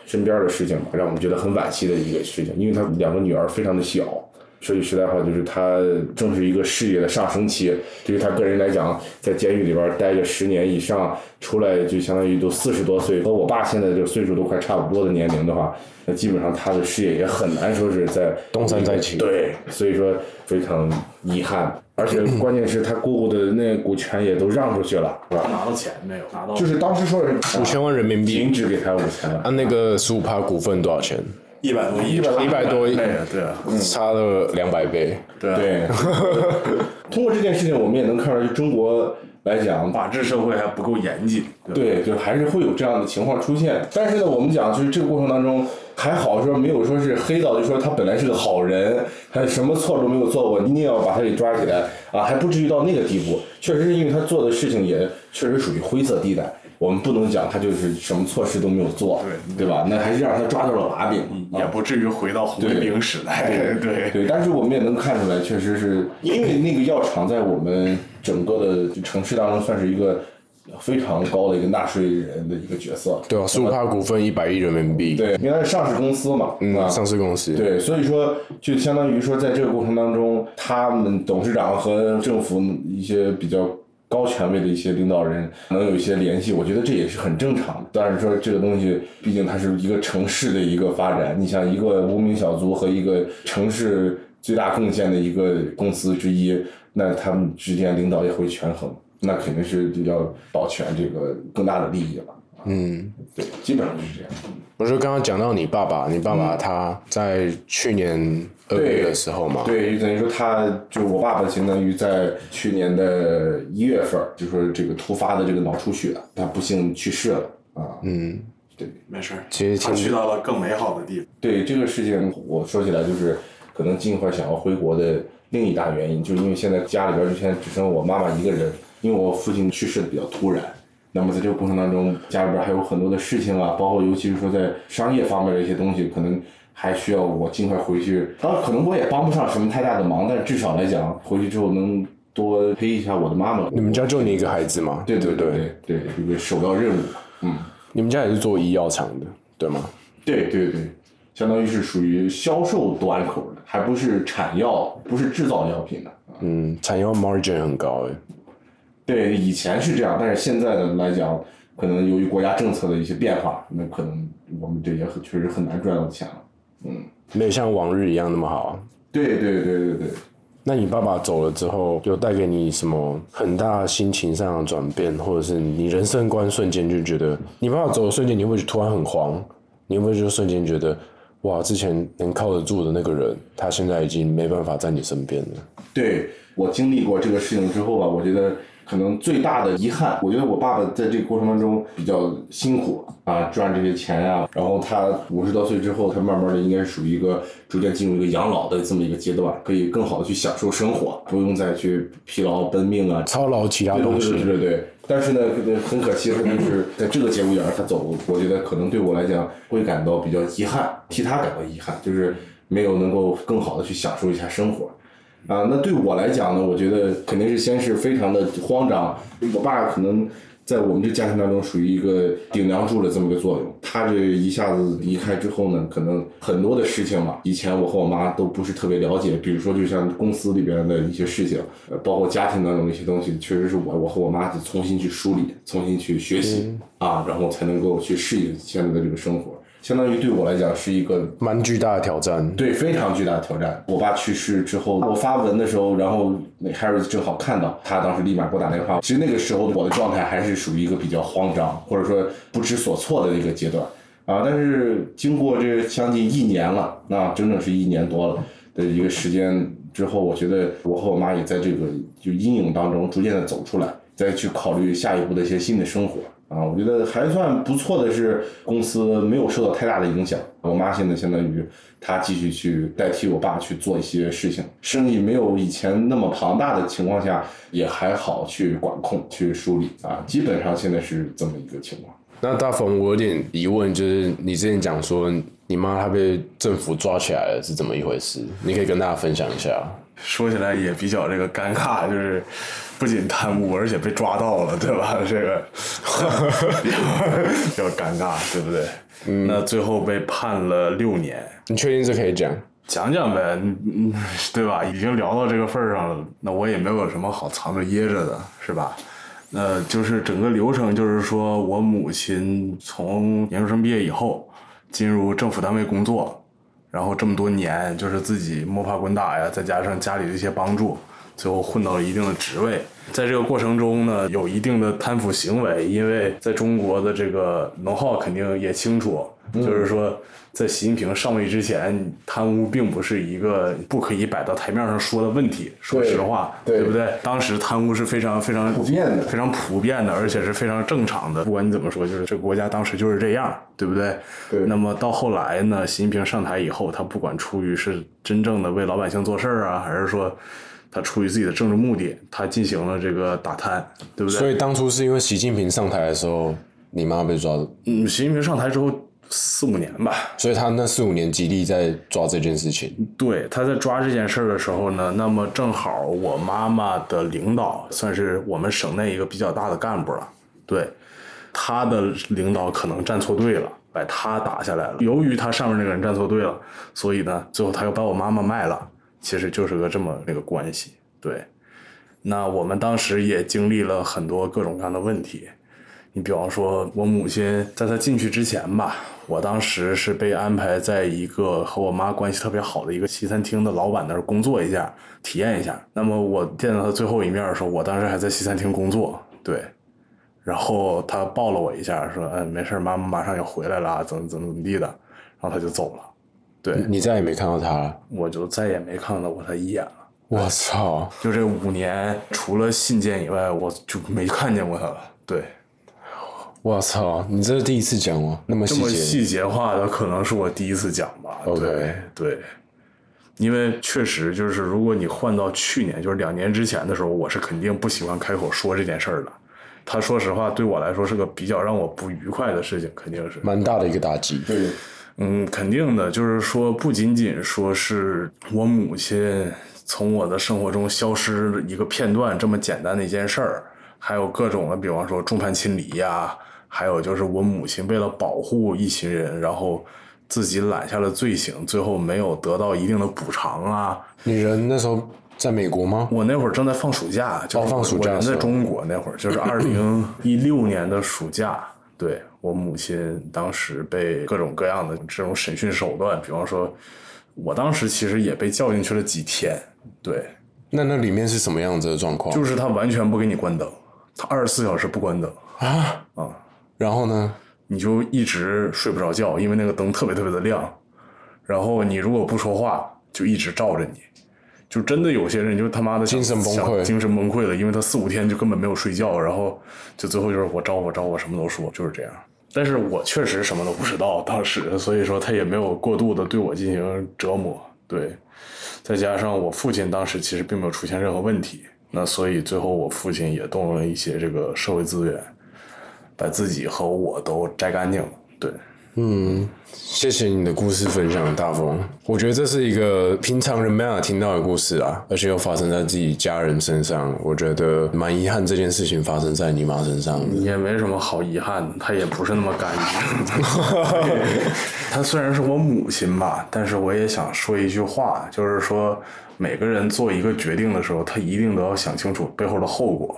Speaker 1: 身邊的事情吧，讓我們覺得很惋惜的一個事情。因為他兩個女兒非常的小，說句實在話，就是他正是一個事業的上升期。對於他個人來講，在監獄裡邊待着十年以上，出來就相當於都四十多歲，和我爸現在這歲數都快差不多的年齡的話，那基本上他的事業也很難說是在東山再起。對，所以說非常遺憾。而且關鍵是他姑姑的那股權也都讓出去了，是吧？拿到錢
Speaker 2: 沒有？拿到。就是
Speaker 1: 當時說五千萬人民幣，停止給他五千萬。那個十五趴股份多少錢？
Speaker 2: 一百多億，一百多億。
Speaker 1: 對啊，差了兩百倍。對。通過這件事情，我們也能看出，中國來講，法治社會還不夠嚴謹。對，就還是會有這樣的情況出現。但是呢，我們講就是這個過程當中。還好說，沒有說是黑道，就說他本來是個好人，他什麼錯都沒有做過，一定要把他給抓起來啊，還不至於到那個地步。確實是因為他做的事情也確實屬於灰色地帶，我們不能講他就是什麼措施都沒有做，對對吧？那還是讓他抓到了把
Speaker 2: 柄，嗯啊、也不至於回到紅衛兵時代。對對，對，對，對，對，對，但是
Speaker 1: 我們也能看出來，確實是因為那個藥廠在我們整個的城市當中算是一個。非常高的一個納稅人的一個角色，對啊，蘇泊爾股份一百億人民幣，對，因為是上市公司嘛，嗯，上市公司，對，所以說就相當於說，在這個過程當中，他們董事長和政府一些比較高權威的一些領導人能有一些聯繫，我覺得這也是很正常的。但是說這個東西，畢竟它是一個城市的一個發展，你像一個無名小卒和一個城市最大貢獻的一個公司之一，那他們之間領導也會權衡。那肯定是就要保全這個更大的利益了，啊。嗯，對，基本上就是這樣，嗯。不是剛剛講到你爸爸，你爸爸他在去年二月的時候嘛，嗯，對，就等於說他就我爸爸，相當於在去年的一月份，就是，說這個突發的這個腦出血了，他不幸去世了啊。嗯，對，對，沒事，其實他去到了更美好的地方。對，這個事情，我說起來就是可能盡快想要回國的另一大原因，就是因為現在家裡邊就現在只剩我媽媽一個人。因為我父親去世的比較突然，那麼在這個過程當中，家裡邊還有很多的事情啊，包括尤其是說在商業方面的一些東西，可能還需要我儘快回去。當然，可能我也幫不上什麼太大的忙，但至少來講，回去之後能多陪一下我的媽媽。你們家就你一個孩子嗎？對對對對，這個首要任務。嗯，你們家也是做醫藥廠的，對嗎？對對對，相當於是屬於銷售端口的，還不是產藥，不是製造藥品的。嗯，產藥 margin 很高哎。對，以前是這樣，但是現在的來講，可能由於國家政策的一些變化，那可能我們這些確實很難賺到錢了。嗯，沒有像往日一樣那麼好啊。對對對對對。那你爸爸走了之後，又帶給你什麼很大心情上的轉變，或者是你人生觀瞬間就覺得你爸爸走的瞬間，你會不會突然很慌？你會不會就瞬間覺得哇，之前能靠得住的那個人，他現在已經沒辦法在你身邊了？對，我經歷過這個事情之後吧，我覺得。可能最大的遺憾，我覺得我爸爸在這個過程當中比較辛苦啊，賺這些錢呀、啊。然後他五十多歲之後，他慢慢的應該屬於一個逐漸進入一個養老的這麼一個階段，可以更好的去享受生活，不用再去疲勞奔命啊，操勞其他東西。對對對,對,對。但是呢，對對很可惜的就是在這個節骨眼兒他走，我覺得可能對我來講會感到比較遺憾，替他感到遺憾，就是沒有能夠更好的去享受一下生活。啊，那對我來講呢，我覺得肯定是先是非常的慌張。我爸可能在我們這家庭當中屬於一個頂梁柱的這麼一個作用。他這一下子離開之後呢，可能很多的事情嘛，以前我和我媽都不是特別了解。比如說，就像公司裡邊的一些事情，包括家庭當中一些東西，確實是我我和我媽得重新去梳理，重新去學習啊，然後才能夠去適應現在的這個生活。相當於對我來講是一個蠻巨大的挑戰，對，非常巨大的挑戰。我爸去世之後，我發文的時候，然後那 Harris 正好看到，他當時立馬給我打電話。其實那個時候我的狀態還是屬於一個比較慌張，或者說不知所措的一個階段啊。但是經過這將近一年了，那整整是一年多了的一個時間之後，我覺得我和我媽也在這個就陰影當中逐漸的走出來，再去考慮下一步的一些新的生活。啊，我覺得還算不錯的是，公司沒有受到太大的影響。我媽現在相當於她繼續去代替我爸去做一些事情，生意沒有以前那麼龐大的情況下，也還好去管控去梳理啊。基本上現在是這麼一個情況。那大馮，我有點疑問，就是你之前講說你媽她被政府抓起來了
Speaker 2: 是怎麼一回事？你可以跟大家分享一下。說起來也比較這個尷尬，就是。不僅貪污，而且被抓到了，對吧？這個比較， 比較，比較尷尬，對不對？嗯，那最後被判了六年。你確定是可以這樣講講唄，對吧？已經聊到這個份兒上了，那我也沒有什麼好藏着掖着的，是吧？那就是整個流程，就是說我母親從研究生畢業以後，進入政府單位工作，然後這麼多年就是自己摸爬滾打呀，再加上家裡的一些幫助。最後混到了一定的職位，在這個過程中呢，有一定的貪腐行為。因為在中國的這個農耗肯定也清楚，嗯、就是說，在習近平上位之前，貪污並不是一個不可以擺到台面上說的問題。說實話，對，對不對，對？當時貪污是非常非常普遍的，非常普遍的，而且是非常正常的。不管你怎麼說，就是這個國家當時就是這樣，對不對，對？那麼到後來呢，習近平上台以後，他不管出於是真正的為老百姓做事兒啊，還是說。他出於自己的政治目的，他進行了這個打探，對不對？所以當初是因為習近平上台的時候，你媽被抓
Speaker 1: 了。嗯，習近平上台之後四五年吧，所以他那四五年極力在抓這件
Speaker 2: 事情。對，他在抓這件事的時候呢，那麼正好我媽媽的領導算是我們省內一個比較大的幹部了，對他的領導可能站錯隊了，把他打下來了。由於他上面那個人站錯隊了，所以呢，最後他又把我媽媽賣了。其實就是個這麼那個關係，對。那我們當時也經歷了很多各種各樣的問題。你比方說我母親在她進去之前吧，我當時是被安排在一個和我媽關係特別好的一個西餐廳的老板那兒工作一下，體驗一下。那麼我見到她最後一面的時候，我當時還在西餐廳工作，對。然後她抱了我一下，說：“嗯、哎，沒事，媽媽馬上要回來了，怎麼怎麼怎麼地的。”然後她就走了。對，你再也沒看到他了，我就再也沒看到過他一眼了。我操！就這五年，除了信件以外，我就沒看見過他了。對，我操！你這是第一次講嗎？那麼細節，這麼細節化的，可能是我第一次講吧。OK，對，對，因為確實就是，如果你換到去年，就是兩年之前的時候，我是肯定不喜歡開口說這件事兒的。他說實話，對我來說是個比較讓我不愉快的事情，肯定是蠻大的一個打擊。對，嗯。嗯，肯定的，就是說不僅僅說是我母親從我的生活中消失了一個片段這麼簡單的一件事兒，還有各種的，比方說眾叛親離呀、啊，還有就是我母親為了保護一群人，然後自己攬下了罪行，最後沒有得到一定的補償啊。你人那時候在美國嗎？我那會兒正在放暑假，就放暑假。我人在中國那會兒，就是二零一六年的暑假，對。我母親當時被各種各樣的這種審訊手段，比方說，我當時其實也被叫進去了幾天。對，
Speaker 1: 那那裡面是什麼樣子的狀況？就是他
Speaker 2: 完全不給你關燈，他二十四小時不關燈啊啊、嗯！然後呢，你就一直睡不着覺，因為那個燈特別特別的亮。然後你如果不說話，就一直照着你，就真的有些人就他媽的精神崩潰，精神崩潰了，因為他四五天就根本沒有睡覺，然後就最後就是我招我招我，什麼都說，就是這樣。但是我確實什麼都不知道，當時，所以說他也沒有過度的對我進行折磨，對，再加上我父親當時其實並沒有出現任何問題，那所以最後我父親也動用了一些這個社會資源，把自己和我都摘乾淨了，對。嗯，謝謝你的故事分享，大風。我覺得這是
Speaker 1: 一個平常人沒法聽到的故事啊，而且又發生在自己家人身上，我覺得蠻遺憾這件事情發生在你媽身上。也沒什麼好遺憾，她也不是那麼
Speaker 2: 乾淨。她 雖然是我母親吧，但是我也想說一句話，就是說每個人做一個決定的時候，他一定都要想清楚背後的後果。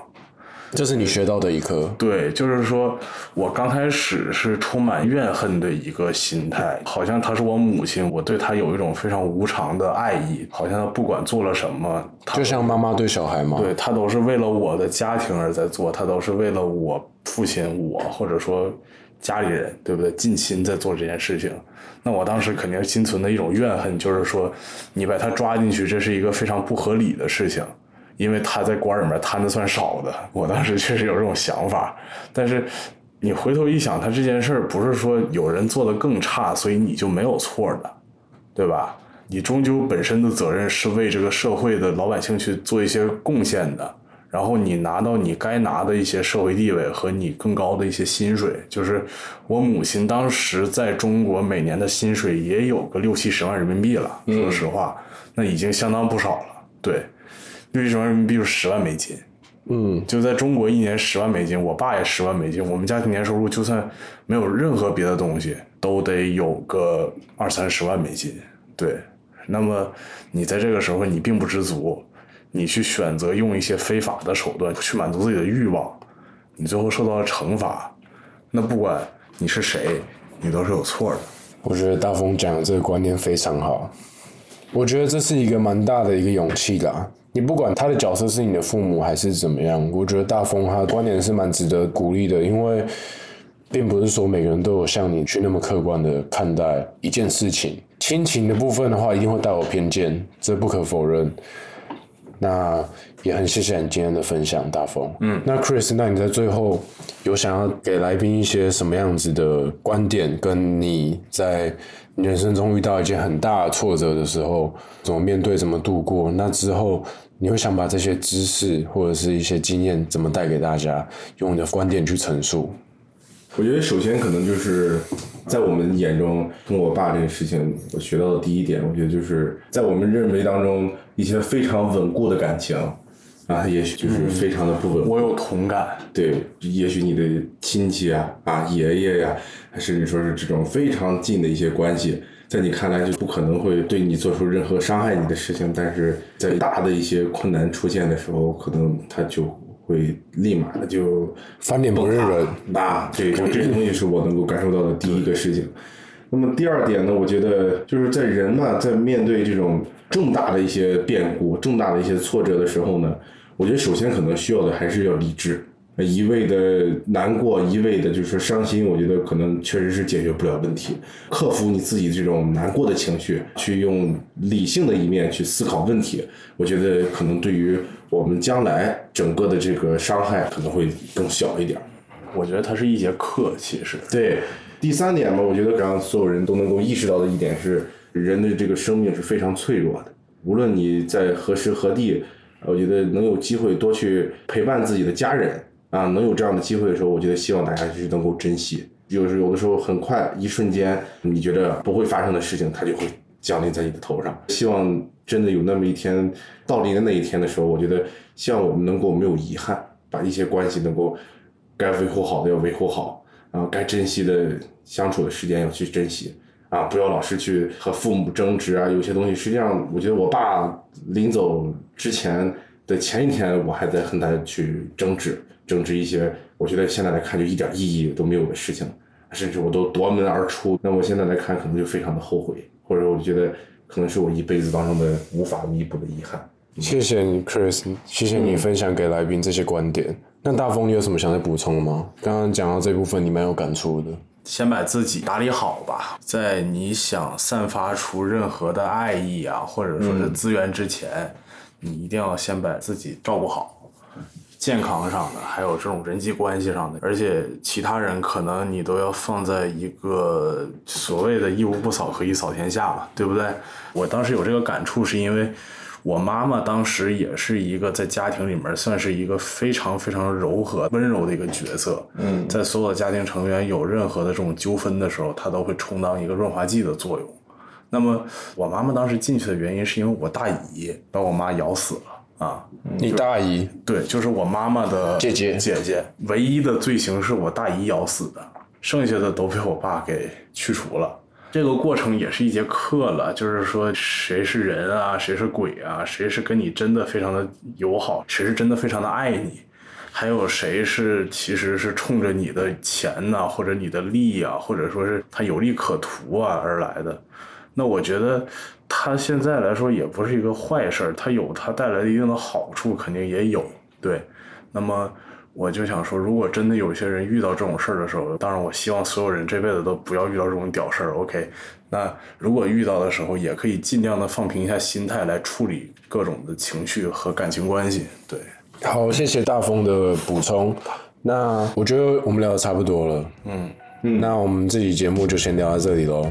Speaker 2: 這是你學到的一課。對，就是說，我剛開始是充滿怨恨的一個心態，好像她是我母親，我對她有一種非常無償的愛意，好像她不管做了什麼，就像媽媽對小孩嘛，對她都是為了我的家庭而在做，她都是為了我父親，我，或者說家裡人，對不對？近親在做這件事情，那我當時肯定心存的一種怨恨，就是說，你把她抓進去，這是一個非常不合理的事情。因為他在官裡面貪的算少的，我當時確實有這種想法。但是你回頭一想，他這件事兒不是說有人做得更差，所以你就沒有錯的，對吧？你終究本身的責任是為這個社會的老百姓去做一些貢獻的。然後你拿到你該拿的一些社會地位和你更高的一些薪水，就是我母親當時在中國每年的薪水也有個六七十萬人民幣了。嗯、說實話，那已經相當不少了，對。六十萬人民幣是十萬美金，嗯，就在中國一年十萬美金，我爸也十萬美金，我們家庭年收入就算沒有任何別的東西，都得有個二三十萬美金。對，那麼你在這個時候你並不知足，你去選擇用一些非法的手段去滿足自己的慾望，你最後受到了懲罰，那不管你是誰，你都是有錯的。我覺得大風講的這個觀念非常好。
Speaker 1: 我覺得這是一個蠻大的一個勇氣啦。你不管他的角色是你的父母還是怎麼樣，我覺得大風他的觀點是蠻值得鼓勵的，因為並不是說每個人都有像你去那麼客觀的看待一件事情。親情的部分的話，一定會帶有偏見，這不可否認。那也很謝謝你今天的分享，大風。嗯。那 Chris，那你在最後有想要給來賓一些什麼樣子的觀點？跟你在。人生中遇到一件很大的挫折的時候，怎麼面對，怎麼度過？那之後，你會想把這些知識或者是一些經驗怎麼帶給大家？用你的觀點去陳述。我覺得首先可能就是在我們眼中，跟我爸這個事情，我學到的第一點，我覺得就是在我們認為當中一些非常穩固的感情啊，也許就是非常的不穩固、嗯。我有同感。對，也許你的親戚啊，啊，爺爺呀、啊。還是你說是這種非常近的一些關係，在你看來就不可能會對你做出任何傷害你的事情，但是在大的一些困難出現的時候，可能他就會立馬的就翻臉不認人。那、啊啊、對，就這些東西是我能夠感受到的第一個事情。嗯。那麼第二點呢，我覺得就是在人呢，在面對這種重大的一些變故、重大的一些挫折的時候呢，我覺得首先可能需要的還是要理智。一味的難過，一味的就是傷心，我覺得可能確實是解決不了問題。克服你自己這種難過的情緒，去用理性的一面去思考問題，我覺得可能對於我們將來整個的這個傷害可能會更小一點。我覺得它是一節課，其實。對，第三點吧，我覺得讓所有人都能夠意識到的一點是，人的這個生命是非常脆弱的。無論你在何時何地，我覺得能有機會多去陪伴自己的家人。啊，能有這樣的機會的時候，我覺得希望大家就是能夠珍惜。有時有的時候，很快一瞬間，你覺得不會發生的事情，它就會降臨在你的頭上。希望真的有那麼一天，到臨的那一天的時候，我覺得，希望我們能夠沒有遺憾，把一些關係能夠該維護好的要維護好，然後，啊，該珍惜的相處的時間要去珍惜啊，不要老是去和父母爭執啊。有些東西，實際上，我覺得我爸臨走之前。對，前一天，我還在和他去爭執，爭執一些我覺得現在來看就一點意義都沒有的事情，甚至我都奪門而出。那我現在來看，可能就非常的後悔，或者我覺得可能是我一輩子當中的無法彌補的遺憾。謝謝你，Chris，謝謝你分享給來賓這些觀點。嗯、那大峰，你有什麼想再補充嗎？剛剛講到這部分，你蠻有感觸的。
Speaker 2: 先把自己打理好吧，在你想散發出任何的愛意啊，或者說是資源之前。嗯你一定要先把自己照顧好，健康上的，還有這種人際關係上的，而且其他人可能你都要放在一個所謂的“一屋不掃，何以掃天下”嘛，對不對？我當時有這個感觸，是因為我媽媽當時也是一個在家庭裡面算是一個非常非常柔和、溫柔的一個角色。嗯，在所有的家庭成員有任何的這種糾紛的時候，她都會充當一個潤滑劑的作用。那麼，我媽媽當時進去的原因是因為我大姨把我媽咬死了啊。你大姨？對，就是我媽媽的姐姐姐姐。唯一的罪行是我大姨咬死的，剩下的都被我爸給去除了。這個過程也是一節課了，就是說誰是人啊，誰是鬼啊，誰是跟你真的非常的友好，誰是真的非常的愛你，還有誰是其實是衝着你的錢吶、啊，或者你的利益啊，或者說是他有利可圖啊而來的。那我覺得他現在來說也不是一個壞事兒，他有他帶來的一定的好處，肯定也有。對，那麼我就想說，如果真的有些人遇到這種事兒的時候，當然我希望所有人這輩子都不要遇到這種屌事兒。OK，那如果遇到的時候，也可以盡量的放平一下心態來處理各種的情緒和感情關係。對，好，謝謝大風的補充。那我覺得我們聊的差不多了，嗯嗯，那我們這期節目就先聊到這裡嘍。